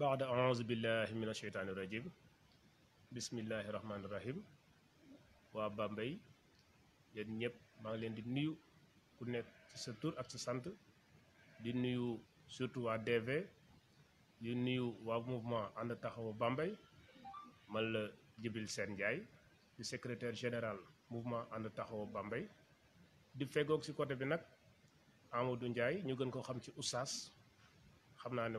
بعد أعوذ بالله من الشيطان الرجيم بسم الله الرحمن الرحيم waa Bambey yéen ñëpp maa ngi leen di nuyu ku nekk ci sa tur ak sa sant di nuyu surtout waa DV di nuyu waa mouvement ànd taxawu Bambey man la di secrétaire général mouvement ànd taxawu Bambey di feggoog si côté bi nak Amadou ndjay ñu gën ko xam ci Oustaz xamna ne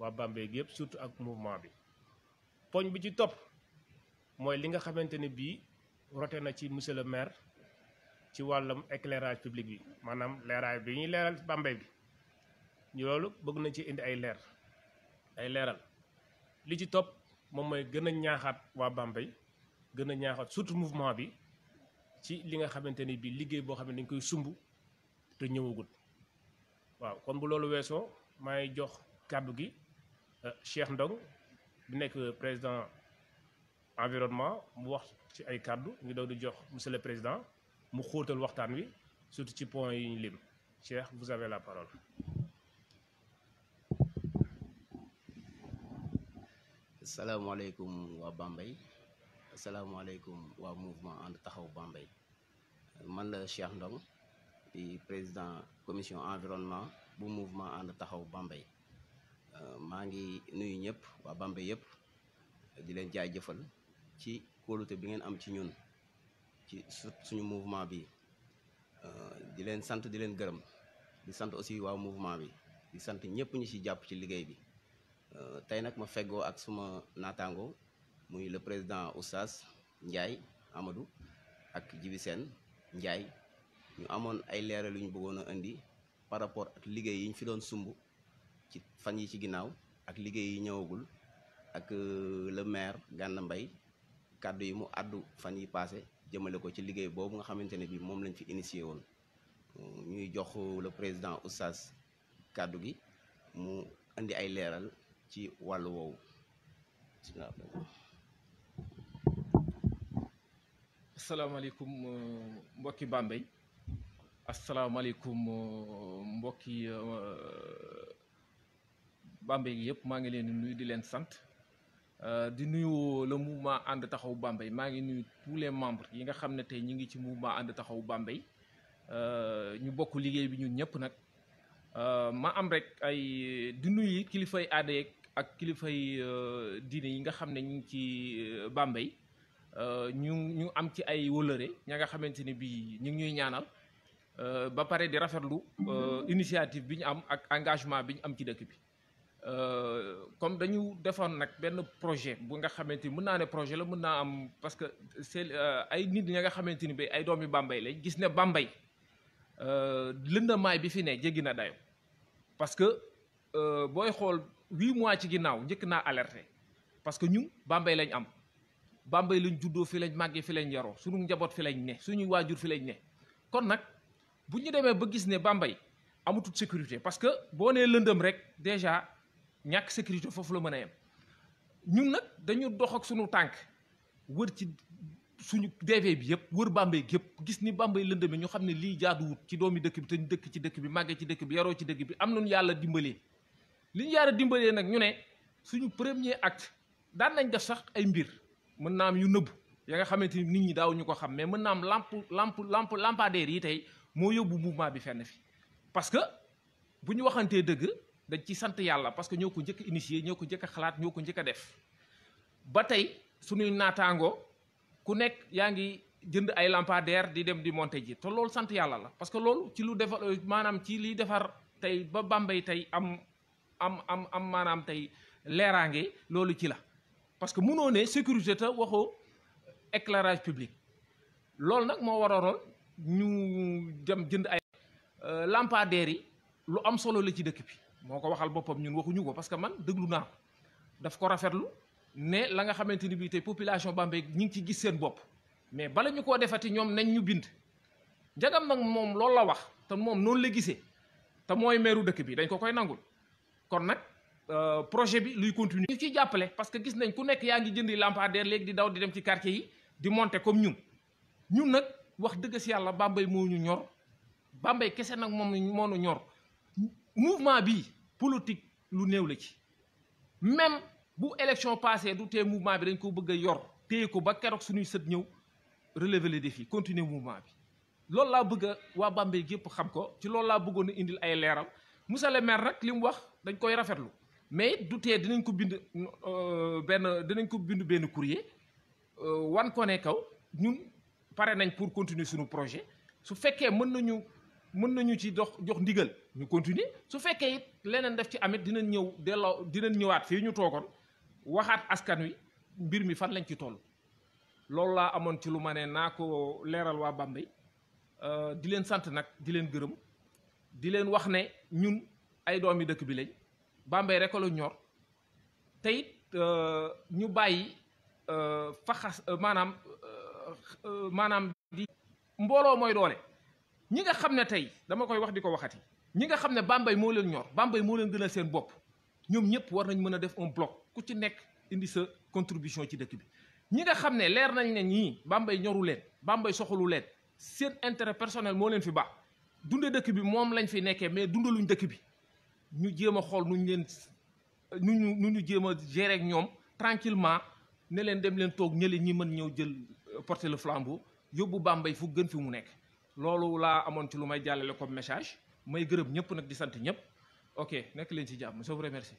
waa Bambey gi yëpp surtout ak mouvement bi poñ bi ci topp mooy li nga xamante ne bii rote na ci monsieur le maire ci wàllam éclairage public bi maanaam leeraay bi ñuy leeral Bambey bi ñu loolu bëgg na ci indi ay leer ay leeral li ci topp moom mooy gën a ñaaxaat waa Bambey gën a ñaaxaat surtout mouvement bi ci li nga xamante ni bii liggéey boo xam ne dañ koy sumb te ñëwagul waaw kon bu loolu weesoo may jox kàddu gi Euh, Cheikh Ndong bi le président environnement mu wax ci ay kàddu ñu daw di jox monsieur le président mu xóotal waxtan wi surtout ci point yi ñu lim Cheikh vous avez la parole. à waa Bambey salaamaaleykum wa mouvement ànd taxaw Bambay. man la Cheikh Ndong di président commission environnement bu mouvement ànd taxaw Bambay. Euh, maa ngi nuyu ñëpp waa Bambey yëpp di leen jaay jaajëfal ci kóolute bi ngeen am ci ñun ci suñu mouvement bi euh, di leen sant di leen gërëm di sant aussi waaw mouvement bi di sant ñëpp ñu ci jàpp ci liggéey bi euh, tey nag ma feggoo ak suma naataango muy le président Oustaz njaay Amadou ak Jibi Sène Ndiaye ñu amoon ay leeral yu ñu bëggoon a indi par rapport ak liggéey yi ñu fi doon sumb ci fan yi ci ginnaw ak liggey yi ñëwagul ak euh, le maire Gana Mbaye kàddu yi mu addu fan yi passé jëmele ko ci liggey bobu nga xamantene bi mom lañ fi initier won ñuy jox euh, le président Oustaz kaddu gi mu andi ay leeral ci wow assalamu alaykum euh, mbokki Bambey alaykum mbokki Bambey gi yëpp maa ngi leen nuyu di leen sant euh, di nuyu le mouvement ànd taxaw Bambey maa ngi nuyu tous les membres yi nga xam ne tey ñu ngi ci mouvement ànd taxawu Bambey euh, ñu bokk liggéey bi ñun ñëpp nag euh, ma am rek ay di nuyu kilifay aada yeeg ak kilifay diine yi nga xam ne ñu ngi ci Bambey ñu ñu am ci ay wëlëre ña nga xamante ni bii ñu ngi ñuy ñaanal ba pare di rafetlu initiative bi ñu am ak engagement bi ñu am ci dëkk bi. Euh, comme nous avons nak projet bu nga xamanteni projet la parce que c'est euh, ay nit ñi nga xamanteni bay ay doomi gis euh, bi fi parce que un xol 8 mois ci parce que ñu bambay lañ am bambay lañ se fi lañ maggé fi lañ yaro suñu njabot fi lañ né suñu wajur fi lañ né kon nak buñu démé ba gis sécurité parce que déjà ñàkk sécurité foofu la mën a yem ñun nag dañu dox ak suñu tànk wër ci suñu DV bi yëpp wër Bambey gi yëpp gis ni Bambey lëndëm ñu xam ne lii jaaduwut ci doomi dëkk bi te dëkk ci dëkk bi màggee ci dëkk bi yaroo ci dëkk bi am nañu yàlla dimbalee li ñu yàlla dimbalee nag ñu ne suñu premier acte daan nañ def sax ay mbir mën naa am yu nëbb ya nga xamante ni nit ñi daaw ñu ko xam mais mën naa am lamp lamp lamp lampadaire yi tey moo yóbbu mouvement bi fenn fi parce que bu ñu waxantee dëgg dañ ci sante yalla parce que ñoko jëk njëkk initier ñoo xalaat ñoko jëk def ba tey natango ku nekk yaangi jënd ay lampadaire di dem di monter ji to lool sante yalla la parce que lool ci lu defar manam ci li defar tay ba bambay tay am am am am manam tay lerange loolu ci la parce que mëno ne sécurité ta waxo éclairage public nak nak moo waraloon ñu dem jënd ay euh, lampadaire yi lu am solo la ci dëkk bi moko waxal bopam ñun waxuñu ko parce que man deglu na ko daf ko rafetlu ne la nga xamanteni bi tay population Bambey ñi ci gis seen bop mais bala ñu koo defati ñom nañ ñu bind jagam nak mom lool la wax te mom non la gisee te moy meeru dekk bi dañ ko koy nangul kon euh projet bi luy continuer ci ciy parce que gis nañ ku nekk yaangi jëndi lampadaire léegi di daw di dem ci quartier yi di monter comme ñun ñun nak wax deug ci yalla Bambey mo ñu ñor Bambey kessé nak mom mo ñu ñor mouvement bi politique lu néew la ci même bu élection passée du té mouvement bi dañ ko bëgg yor téye ko ba kérok suñu sët ñew relever les défis continuer mouvement bi lool la bëgg wa waa Bambey gépp xam ko ci lool la bëggone a indil ay léram monsieur le maire nag li wax dañ koy rafetlu mais du té dinañ ko bind ben dinañ ko bind ben courrier euh, wan ko ne kaw ñun paré nañ pour continuer suñu projet su féké mën nañu mën nañu ci dox jox ndigal ñu continuer su fekkee it leneen def ci amit dinañ ñëw delloo dinañ ñëwaat fii ñu toogoon waxaat askan wi mbir mi fan lañ ci tool loolu laa amoon ci lu ma ne naa ko leeral waa Bambey euh, di leen sant nag di leen gërëm di leen wax ne ñun ay doomi dëkk bi lañ Bambey rek la ñor te euh, ñu bàyyi euh, faxas maanaam maanaam di mbooloo mooy doole ñi nga xam ne tey dama koy wax di ko waxati ñi nga xam ne Bambey moo leen ñor Bambey moo leen gënal seen bopp ñoom ñëpp war nañ mën a def un bloc ku ci nekk indi sa contribution ci dëkk bi. ñi nga xam ne leer nañ ne ñii Bambey ñoru leen Bambey soxalu leen seen intérêt personnel moo leen fi baax dunde dëkk bi moom lañ fi nekkee mais dundaluñ dëkk bi ñu jéem a xool nuñ leen nu ñu nu ñu jéem a gérer ak ñoom tranquillement ne leen dem leen toog ñële ñi mën ñëw jël porter le flambeau yóbbu Bambey fu gën fi mu nekk. loolu laa amoon ci lu may jàllale comme message may gërëm ñëpp nag di sant ñëpp ok nekk leen ci jàmm je vous remercie